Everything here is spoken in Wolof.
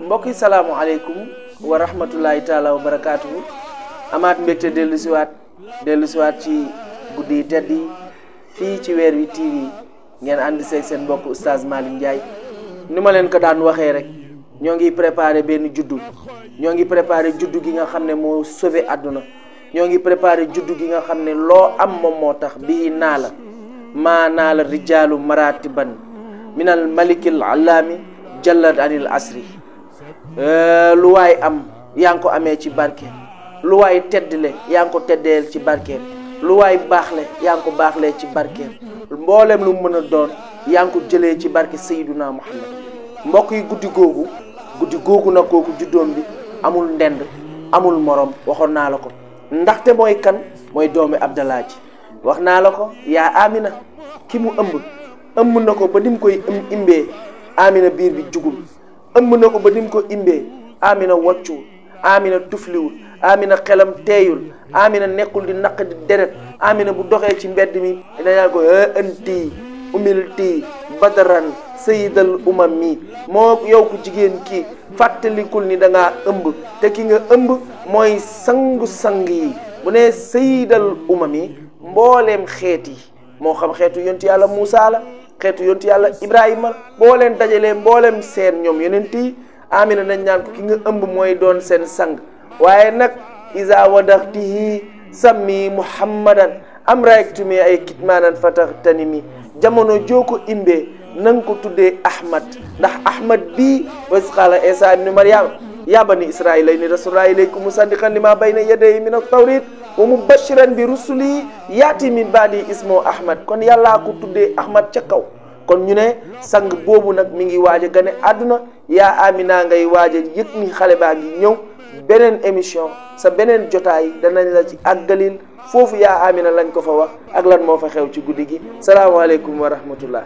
mbokk yi salaamualeykum wa rahmatulahi taala wa barakaatuhu amaat mbégte dellu siwaat dellu siwaat ci guddi yi tedd yi fii ci weer wi TV ngeen ànd seeg sen mbokk oustaz Malick Ndiaye ni ma leen ko daan waxee rek ñoo ngi préparé benn juddu ñoo ngi préparé juddu gi nga xam ne moo sauvé ñoo ngi préparé juddu gi nga xam ne am tax maratiban minal malikil alami, jallad anil asri Eh, lu waay am yaa ngi ko amee ci barke lu waay teddle yaa ngi ko teddeel ci barke lu waay baaxle yaa ngi ko baaxlee ci barke mboolem lu mu mën a doon yaa ngi ko jëlee ci barke Sayyiduna Muhammad mbokk yi guddi googu guddi googu nag kooku juddoom bi amul ndënd amul morom waxoon naa la ko ndaxte mooy kan mooy doomi Abdallah ji wax naa la ko yaa Amina ki mu ëmb ëmb na ko ba ni mu koy imbee Amina biir bi jugul ëmb na ko ba nim ko imbee amina wàccuwul amina tufliwul amina xelam teeyul amina nekkul di naq di deret amina bu doxee ci mbedd mi dañaa ko anti umilti badaran sayidal umam mi moo yow ku jigéen ki fàttalikul ni danga ëmb te ki nga ëmb mooy sangu-sang yi bu ne sayidal umam yi mbooleem xeet yi moo xam xeetu yonti yàlla Muusa la xeetu yontu yàlla Ibrahima boo leen dajalee mboolem seen ñoom yonent yi amina nañ ñaan ko ki nga ëmb mooy doon seen sang waaye nag isa wadaxtihi sammi muhammadan am rayektumi ay kitmaanan fatax tani mi jamono joo ko imbee na ko tuddee ahmad ndax ahmad bii wasqala isa ibnu mariam yaa bani israila inni rasulullah bayna yaday min at-tawrit wa mubashiran bi rusuli yaati min baadi ismo ahmad kon yàllaa ko tuddee ahmad ca kaw kon ñu ne sang boobu nag mi ngi waaj a gane àdduna yaa ami naa ngay waaj a yëg ni xale baa ngi ñëw beneen émission sa beneen jotaay danañ la ci àggalil foofu yaa na lañ ko fa wax ak lan moo fa xew ci guddi gi salaamaaleykum wa rahmatullah